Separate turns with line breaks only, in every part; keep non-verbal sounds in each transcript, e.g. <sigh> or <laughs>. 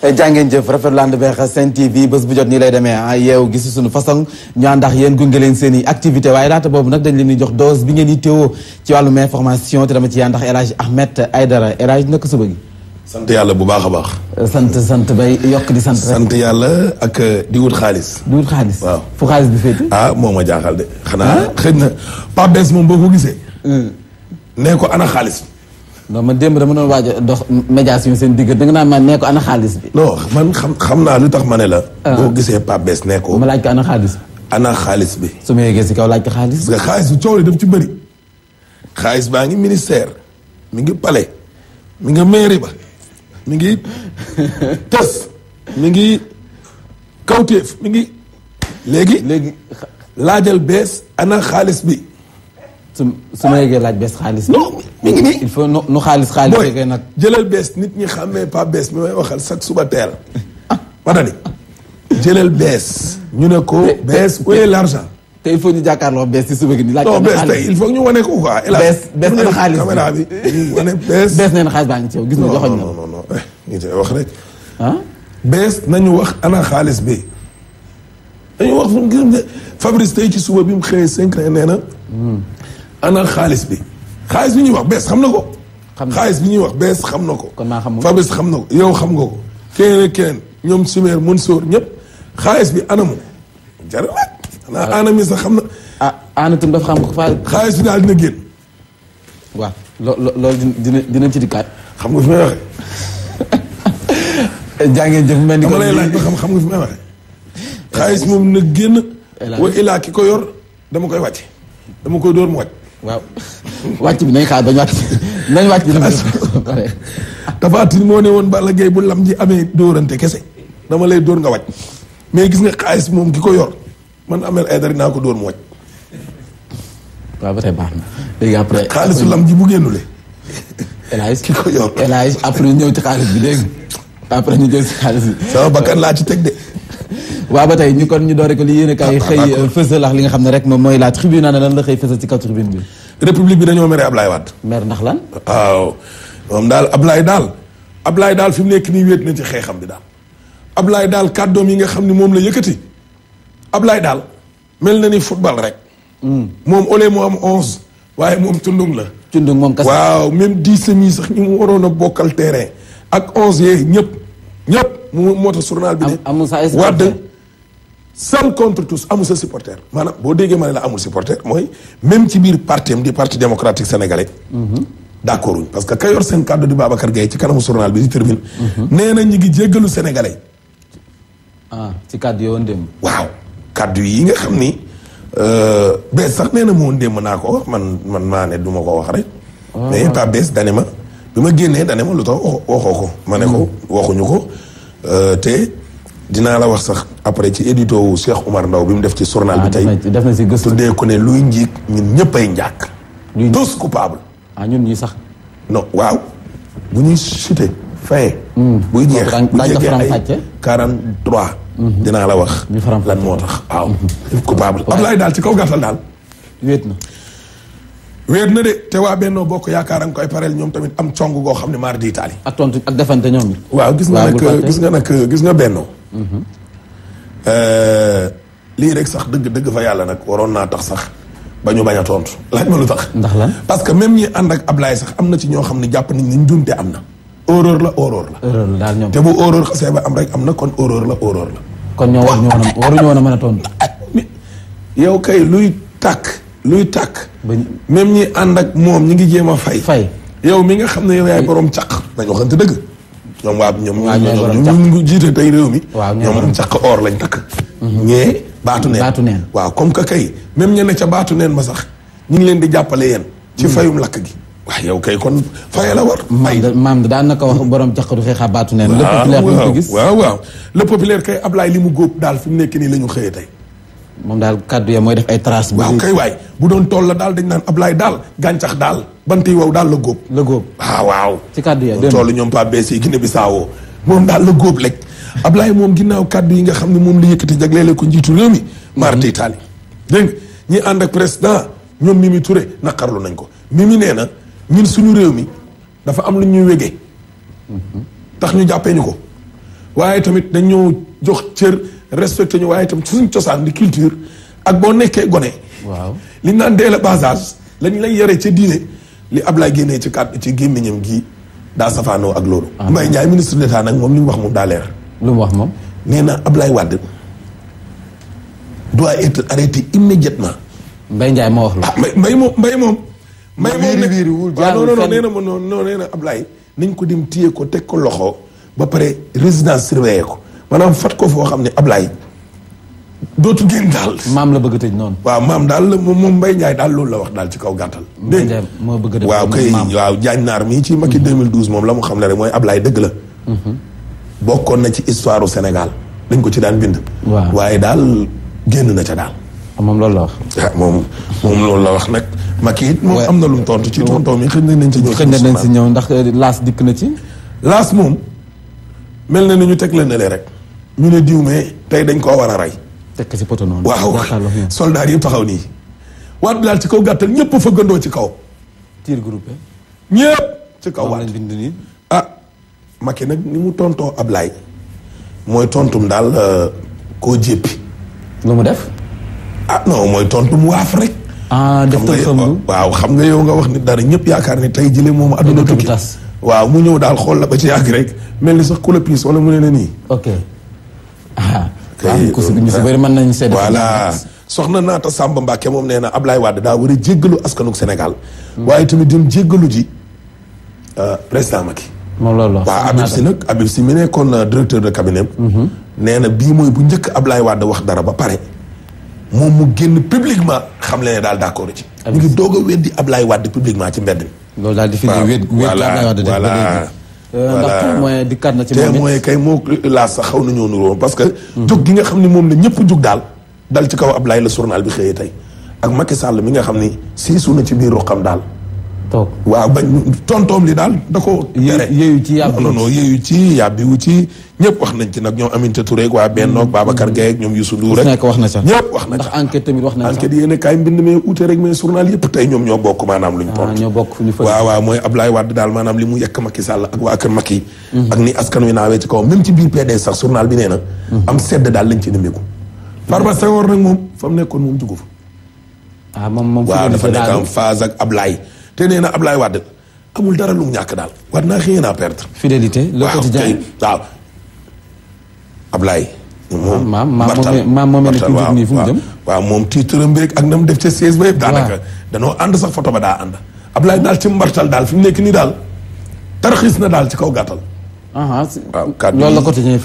Eh, jàngeen jëf rafet land beex Sen TV bés bu jot nii lay demee ah yeew gisi suñu façon ñu ànd ak yéen gunge seen i activité waaye laata boobu nag dañ leen di jox dose bi ngeen yittewoo ci wàllum information te dama ci ànd ak El Hadj Ahmed Aidara El Hadj naka suba gi sant yàlla bu baax a baax eh, sant sant bay yokk di sant sant yàlla ak eh, di wut xaalis di wut xaalis waaw fu xaalis bi féete ah moo ma jaaxal de xanaa ah? xëy na Pape Bes moom boo ko gisee hmm. nee ko ana xaalis non man démb dama doon waaj a dox médiation seen digg da nga naan ma nee ko ana xaalis bi. non man xam xam naa lu tax ma ne la. Ah. boo gisee Pape Bes nee ma laaj ko ana xaalis bi. xaalis bi. su ma yeggee si kaw laaj ko xaalis. parce que xaalis bi coow li daf ci bëri. xaalis baa ngi ministère mi ngi palais mi ngi mairie ba mi ngi tes <laughs> mi ngi kawteef mi ngi. léegi léegi laajal bees ana xaalis bi. su su ma laaj bees xaalis. non mi ngi nii il faut nu nit ñi xàmmee pas bees mi may waxal chaque suba teel. wala ah, ni jëlal bees. ñu ne ko bees où l'argent. te il faut ñu jàkkaarloo bees si suba gi ñu wane ko quoi. bees na xaalis caméra bi ñu wane bees. bees nañu xaalis ngi ci na. Eh, ñu wax rek. ah. bees nañu wax ana xaalis bi. dañu wax Fabrice tey ci suba bi mu xëyee cinq ans nee na. Hmm. انا خالص بي خالص بي نيوخ بس خمنا كو خالص بي نيوخ بس خمنا كو فبس خمنا كو يو خم كو كين كين يوم سمير منصور يب خالص بي انا مو جرمت انا انا ميسا خمنا انا تم دفع خم كفال خالص بي نال نجين وا لو لو <laughs> دينا دينا تيدي كات خم كو فمي وخي جانجين جف مين كو لاي لاي خم خم كو فمي وخي خالص مو نجين وإلا كيكو يور دمو كوي واتي دمو كوي دور مو waaw wàcc bi nañ xaar bañ wàcc nañ wàcc bi Tapha Tine moo ne woon Balla Gaye bu lam ji amee dóorante kese dama lay dóor nga wàcc mais gis nga xaalis moom ki ko yor man amel ay dara naa ko dóor mu wàcc waaw ba tey baax na léegi après xaalisu lam ji bu génnule elage ki ko yor elage après ñëw ci xaalis bi dégg après ñu jël si xaalis bi sama bakkan laa ci teg de waaw ba tey ñu kon ñu doore ko li yéen a ah, xëy fësal ak li nga xam ne rek moom mooy la tribune ana lan la xëy fësal ci kaw tribune bi république bi dañoo mere Ablaye Wade mer ndax lan waaw moom daal Ablaye daal Ablaye daal fi mu nekk nii wéet na ci xeexam bi daal Ablaye daal kàddoom yi nga xam ne moom la yëkkati Ablaye daal mel na ni football rek hmm. moom ole mu am onze waaye moom tundung la tundung moom kese waaw même dix semis sax ñu mu waroon a bokkal terrain ak onze yee ñëpp ñëpp moo tax journal bi sam contre tous amul sa supporter maanaam boo déggee ma ne la amul supporter mooy même ci biir parti am di parti démocratique sénégalais. Mhm. d' accord parce que ka yor seen kàddu di Babacar Gueye ci kanamu journal bi di termine. Mhm. nee na ñu ngi jéggalu sénégalais. Ah, ci kàddu yoon démb. waaw kàddu yi nga xam ni euh, bees sax nee na mu woon démb naa ko wax man man maa ne duma ko wax rek. Ah. mais pas bees dane ma bi ma génnee dane ma lu tax waxoo ko ma ne ko mhm. waxuñu ko euh, te. dinaa la wax sax après ci édito wu Cheikh Omar Ndaw bi mu def ci journal bi ah, tey def na si gëstu tuddee ko ne luy njiig ñun ñëpp ay njàkk tous coupables ah ñun ñi sax non waaw bu ñuy chuté fin hmm. buy jeex bu jegee ay quarante trois hmm. dinaa la wax lan moo tax waaw hmm. coupable Ablaye daal ci kaw gàttal daal wéet na wéet na de te waa Bennoo Bokk Yaakaar a nga koy pareel ñoom tamit am cong goo xam ne maar di taali ak tontu ak defante ñoom waaw gis nga nag gis nga nag gis nga Bennoo Euh, lii rek sax dëgg dëgg fa yàlla nag waroon naa tax sax ba ñu bañ a tontu <laughs> laaj ma lu tax. ndax la parce que même ñi ànd ak Ablaye sax am na ci ñoo xam ne jàpp nañ ne njuumte am na. horreur la horreur la. daal ñoom. te bu horreur xasee ba am rek am na kon horreur la horreur la. kon ñoo war ñu war woon a mën a tontu. <laughs> Ah, yow kay luy tàkk. luy tàkk. même ñi ànd ak moom ñi ngi jéem a fay. fay yow mi nga xam ne yow yaay borom caq. nañu waxante dëgg. ñoom waa ñoom ñoom ñu jiite tey réew mi ñoom caq or lañ takk mhm. ñee baatu neen waaw comme que kay même ña ne ca baatu neen ma sax ñu ngi leen di jàppale yéen ci mhm. fayum lakk gi waaw yow kay kon faye la war may maam daan na ko wax borom jaqadu xeexaa baatu neen le populaire ñu ko gis waaw waaw le populaire kay Ablaye li mu góob daal fi mu nekk nii la ñu xëyee tey moom daal kàddu ya mooy def ay traces. waaw kay waay bu doon tool la daal dañ naan ab laay daal gàncax daal bant yi wow daal la góob. la góob ah waaw. ci kàddu ya dégg toolu ñoom Pape Bessie Guinée Bissau moom daal la góob lekk ab ablaay moom ginnaaw kàddu yi nga xam ne moom la yëkkati jagleele ko njiitu réew mi. marti mm-hmm. Italie dégg nga ñi ànd ak président ñoom Mimi Touré naqarlu nañ ko Mimi nee na ñun suñu réew mi dafa am lu ñuy wege. Mm-hmm. tax ñu jàppee ñu ko waaye tamit dañoo jox cër. respecté ñu waaye itam suñ cosaan di culture ak boo nekkee gone. waaw li ñu naan dès le bas âge lañ lay yore ca diine li ab laay génne ci kàddu ci gémmiñam gii daa safaanoo ak loolu. Ah. Mbaye Ndiaye ministre d'État nag moom li mu wax moom daa leer. lu mu wax moom. nee na Ablaye Wade doit être arrêté immédiatement. Mbaye Ndiaye moo wax loolu. ah Mbaye moom Mbaye moom. may moom ne biir non non nee na ma non nañ ko dem téye ko teg ko loxo ba pare résidence surveillée ko. maanaam fat ko foo xam ne Ablaye dootu génn daal. maam la bëgg a tëj noonu. waaw maam daal la moom Mbaye Ndiaye daal loolu la wax daal ci kaw gàttal. dégg moo bëgg a def waaw kay waaw Diagne Naar mii ci Macky 2012 mhm. moom la mu xam ne rek mooy Ablaye la. Mhm. bokkoon na ci histoire u dañ ko ci daan bind. waaw waaye daal génn na ca daal. Ah, moom loolu la wax. <laughs> Ah, moom moom loolu la wax nag. Macky it moom am na lu tontu ci tontoom mi xëy na nañ ci ñëw. xëy na nañ ci ñëw ndax euh, laas dikk na ci. laas moom mel na ni ñu teg la ne rek. ñu ne diw mais tay dañ ko wara ray tek ci poto non waaw soldat yëpp taxaw ni waat bilal ci kaw gattal ñepp fa gëndo ci kaw tir groupé ñepp ci kaw waat bind ni ah maké nak ni mu tonto ablay moy tontum dal euh, ko jéppi lu mu def ah non moy tontum waaf rek ah def xam lu waaw xam nga yow nga wax ni dara ñepp yaakar ni tay jilé mom aduna tukki waaw mu ñew dal xol la ba ci yaak rek melni sax ku wala mu ne ni nii tey ah, ah, voilà soxna naata Samba Mbacke moom nee na Ablaye Wade daa war a jéggalu askanug Sénégal. waaye tamit dem ji euh, président Macky. moom loolu la waaw Habib Sy nag Habib nekkoon euh, directeur de cabinet mhm. nee na bii mooy bu njëkk Ablaye Wade wax dara ba pare. moom mu génn publiquement xam le ne daal d' accord ci. ñu ngi doog a weddi Ablaye Wade publiquement ci mbedd mi. loolu daal di Euh, ndax témoin dikkaat na ci moom témoin kay moo laa sax xaw na nañoo nuroo parce que jóg gi nga xam ne moom la ñëpp jóg daal dal ci kaw Ablaye la journal bi xëyee tey ak Macky Sall mi nga xam ni siisu na ci biir ruqam daal toog waaw ba tontoom li daal da ko tere yéeyu ci yàbbi non non ci yàbbiwu ci ñëpp wax nañ ci nag ñoom Aminata Touré ak waa Benno ak Babacar mm. Gueye ak ñoom Youssou Ndour rek nekk wax na ca ñëpp wax na ndax enquête tamit wax na enquête yéen a kaay mbind mee uute rek mais journal yëpp tey ñoom ñoo bokk maanaam lu ñu pont ah, ñoo bokk fu ñu fa waaw waaw mooy Ablaye Wade daal maanaam li mu yekk Macky Sall ak waa kër Macky mm-hmm. ak ni askan wi naawee ci kaw même ci biir PDS sax journal bi nee mm-hmm. am sedd daal lañ ci nemmeeku mm-hmm. Farba Senghor nag nekkoon moom jugu fa ah, waaw moom dafa nekk am phase ak Ablaye te nee na Ablaye Wade amul dara lu mu ñàkk daal war naa xëy naa perdre. fidélité le quotidien waaw Ablaye. moom ah, Bartal maam moom moom moom fu mu jëm. ak na mu def ca seis ba yëpp. danoo ànd sax ba daa ànd. Ablaye daal ci mbartal daal fi mu nekk nii daal tarxiis na daal ci kaw gàttal. waaw kàddu loolu la quotidien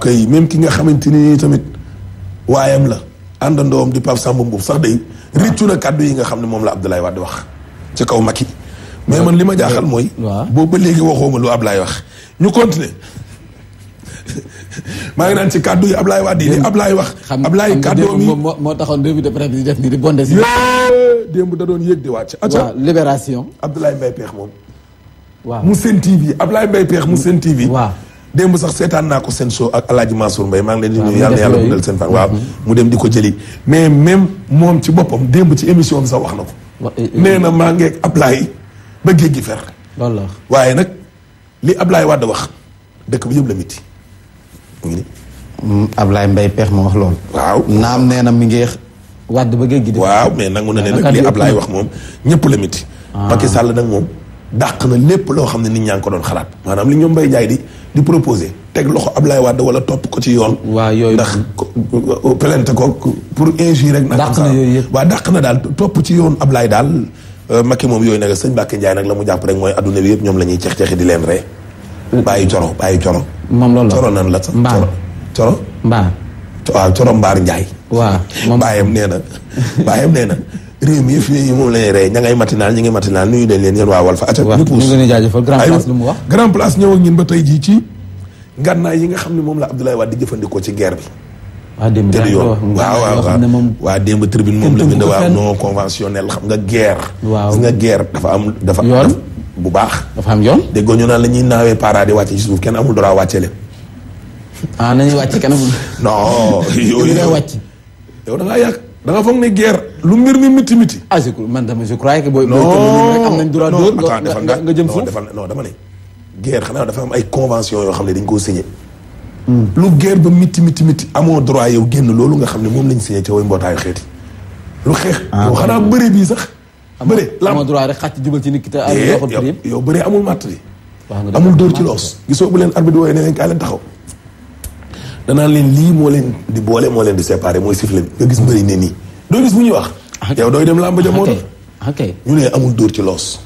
kay même ki nga xamante ni tamit waayam la àndandoom di sax Samba Mbow sax day rëccu na kàddu yi nga xam ne moom la Abdoulaye Wade wax. ci kaw Macky mais man li ma jaaxal mooy. waaw boobu ba léegi waxoo ma lu Ablaye wax ñu continuer maa ngi naan ci kàddu yi Ablaye Wade yi li Ablaye wax. Ablaye kàddoom yi moo moo taxoon de presse di def nii di bondé si. démb da doon yëg di wàcc. waaw libération. Abdoulaye Mbaye Peex moom. waaw mu seen TV Ablaye Mbaye Peex mu seen TV. waaw démb sax seetaan naa ko seen show ak El Hadj Mansour maa ngi leen di yàlla yàlla mu dal seen fan. waaw mm-hmm. mu dem di ko jëli mais même moom ci boppam démb ci émission bi sax wax na ko. nee na maa ngee Ablaye ba géej gi fer waaye nag li ablaay Wade wax dëkk bi yëpp la miti mm, Ablaye Mbaye peex ma wax loolu waaw naam nee na mi ngeex Wade ba géej gi waaw mais nag mu ne ne nag li Ablaye wax moom ñëpp la mitti ah. Macky Sall nag moom dàq na lépp loo xam ne nit ñaa ngi ko doon xalaat maanaam li ñoom mbay Ndiaye di di proposer teg loxo Ablaye Wade wala topp ko ci yoon. waa yooyu ndax plainte ko pour injure rek. dàq na yooyu yëpp waaw dàq na daal topp ci yoon Ablaye daal. Euh, Macky moom yooyu nag sëñ Mbacke njaay nag la mu jàpp rek mooy adduna bi yëpp ñoom la ñuy ceex di leen ree. bàyyi coro bàyyi coro. moom loolu la coro nan la sax. mbaar coro mbaar. waaw coro mbaar Ndiaye. waaw moom bàyyam nee na bàyyam nee na. réew mi yëf yi moom lañuy rey matinal ñay matinal nuyu de len yéen waa Walf ñu pousse ñu ngi jaajëfal grand place lu mu wax grand place ñew ak ñin ba tay ji ci ganna yi nga xamni mom la Abdoulaye wad di jëfëndiko ci guerre bi wa dem tëdd yoon wa wa waa démb tribune mom la bind wa non conventionnel xam nga guerre wa nga guerre dafa am dafa yoon bu baax dafa am yoon de goñu na la ñuy naawee para ci suuf kenn amul droit wàcce le ah nañuy wati, kenn amul non <laughs> yooyu wati, yow da nga yak da nga foog ne guerre lu mbir mi miti miti. ah je man dama je croyais que booy. booy rek am nañ droit dóor nga jëm suuf non dafa am ay convention yoo xam ne dañ koo signé. lu guerre ba miti miti miti amoo droit yow génn loolu nga xam ne moom lañ signé ca way mbootaayu xeeti. lu xeex. Ah, yow xanaa bëre bii sax. bëre la amoo droit rek xàcc jubal ci nit ki te ay eh, yow bëree amul matt bi. amul dóor ci loos gisoo bu leen arbitre wooye ne leen kaa leen taxaw danaan leen lii moo leen di boole moo leen di séparé mooy sifflet bi nga gis mbëri ne nii doo gis bu ñuy wax ah, yow dooy dem làmb ja moo ah, ok ah, amul dóor ci loos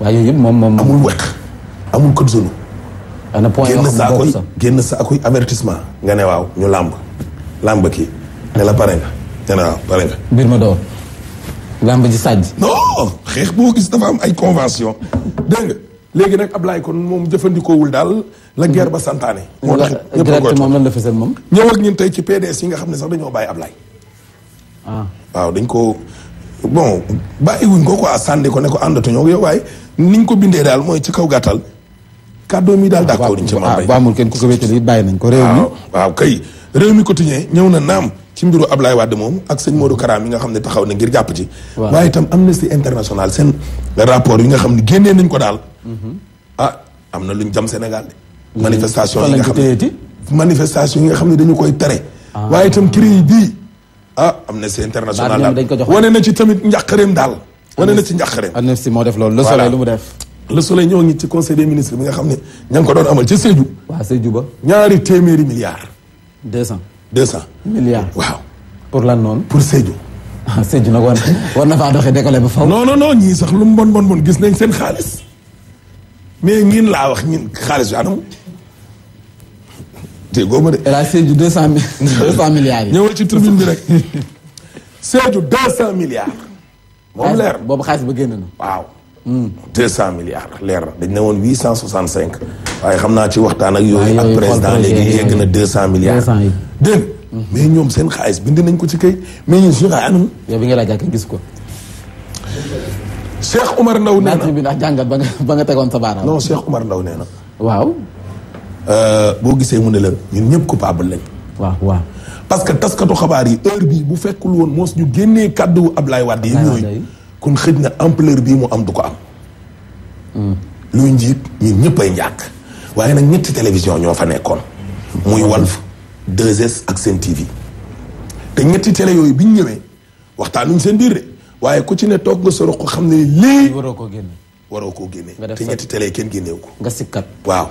waaye yooyu yëpp moom moom amul weq amul code zone ana point génn saa koy avertissement nga ne waaw ñu làmb làmb ki ne la pare nga ne la waaw pare nga mbir ma door làmb ji sàjj non xeex boo gis dafa am ay convention dégg léegi nag Ablaye kon moom jëfandikoowul daal la guerre ba santaane. moo tax ñëpp gerte moom lan moom. ñëw ak ñun tey ci PDS yi nga xam ne sax dañoo bàyyi Ablaye. Ah. waaw dañ ko bon bàyyi wuñ ko quoi sànni ko ne ko àndatuñoo yow waaye niñ ko bindee daal mooy ci kaw gàttal. kàddoo mi daal d'accord duñ ci mën a. waaw amul kenn ku ko wéccale bàyyi nañ ko. réew mi waaw kay ñëw na naam ci mbiru Ablaye Wade moom ak sëñ Modou Kara mi nga xam ne taxaw na ngir jàpp ci. waaye itam Amnesty International seen rapport yi nga xam ne génnee nañ ko daal. Mhm. ah am na luñ jam Sénégal de manifestation yi nga xam ne yi nga xam ne dañu koy tere. Ah. waaye itam CREI bii ah Amnesty International daal wane na ci tamit njàqareem daal. wane na ci njàqareem. Amnesty moo def loolu. le soleil lu mu def. le soleil ñoo ngi ci conseil des ministres bi nga xam ne ña ngi ko doon amal ci Sédhiou. waaw Sédhiou ba. ñaari téeméeri milliards. deux cent. deux cent. milliards waaw. pour lan noonu. pour Sédhiou. ah <laughs> Sédhiou nag war na war na faa ba faw. non non ñii sax lu mu bon bon gis nañ seen xaalis. mais ñin laa wax ñin xaalis bi anam te góob de. El Hadj Sédhiou deux cent mille <laughs> deux cent milliards yi. ñëwal ci tribune bi rek Sédhiou <laughs> deux cent milliards. moom leer boobu xaalis ba génn na. waaw. Hmm. deux cent milliards leer na dañ ne woon huit cent soixante cinq. waaye xam naa ci waxtaan ak yooyu. ak président léegi yegg na deux cent milliards. dégg hmm. mais ñoom seen xaalis bind nañ ko ci kay mais ñun suñu xaalis anam. yow bi nga laaj ak gis ko. Cheikh Omar Ndaw nee na bi ndax jàngat ba nga ba nga tegoon sa baaraam. non Cheikh Omar Ndaw nee na. waaw. Euh, boo gisee mu ne la ñun ñëpp coupable lañ. waaw waaw. parce que taskatu xabaar yi heure bii bu fekkul woon moos ñu génnee kàddu Ablaye Wade yi yooyu kon xëj na ampleur bii mu am du ko am. Hmm. luy ñëpp ay njàkk waaye nag ñetti télévision ñoo fa nekkoon. muy Walf 2S ak Sen TV. te ñetti télé yooyu bi ñu ñëwee waxtaanuñ seen biir de. waaye ku ci ne toog nga sa roq xam ne lii. waroo koo génne. waroo koo génne te ñetti télé kenn génnew ko. nga sikkat waaw.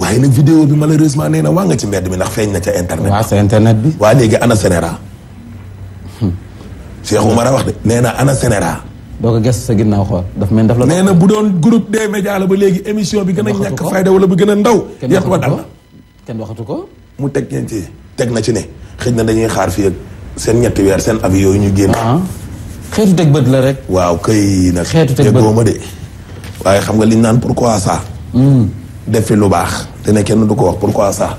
waaye nag vidéo bi malheureusement nee na waa nga ci mbedd mi ndax feeñ na ca internet. waaw sa bi. waa léegi ana Sénéra. Hmm. Cheikh Oumar wax de nee na ana Sénéra. doo ko gëstu sa ginnaaw xool daf mel def la. nee na bu doon group des médias la ba léegi émission bi. gën a ñàkk fayda wala bu gën a ndaw. kenn waxatu ko dal kenn waxatu ko. mu teg ngeen ci teg na ci ne xëj na dañuy xaar fii ak seen ñetti weer seen avis yooyu ñu génn. Ah. xeetu teg bët la rek. waaw kay nag. xeetu teg bët ma de. waaye xam nga liñ naan pourquoi ça. Hmm. def fi lu baax. te ne kenn du ko wax pourquoi ça.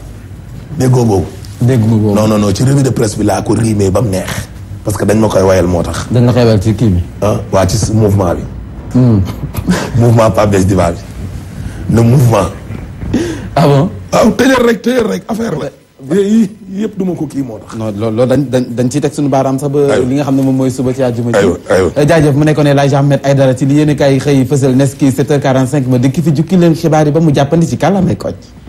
déggoo boobu. déggoo boobu non non non ci revue de presse bi laa ko riimee ba mu neex. parce que dañ ma koy wayal moo tax. dañ la koy wayal ci kii bi. Ah, waa ci mouvement bi. Hmm. <laughs> mouvement Pape Diaz Diba bi. le mouvement. ah bon. waaw ah, tëjal rek tëjal rek affaire la. yii yëpp du ma ko kii moo tax. non loolu dañ dañ dañ ciy teg suñu baaraam sax ba. li nga xam ne moom mooy suba ci àjjuma ji. aywa eh, jaajëf mu nekkoon ne laaj Ahmed Aïdara ci li yéen a kaay xëy fësal nes kii 7h45 ma dikki fi jukki leen xibaar yi ba mu jàppandi ci kàllaamay koñ.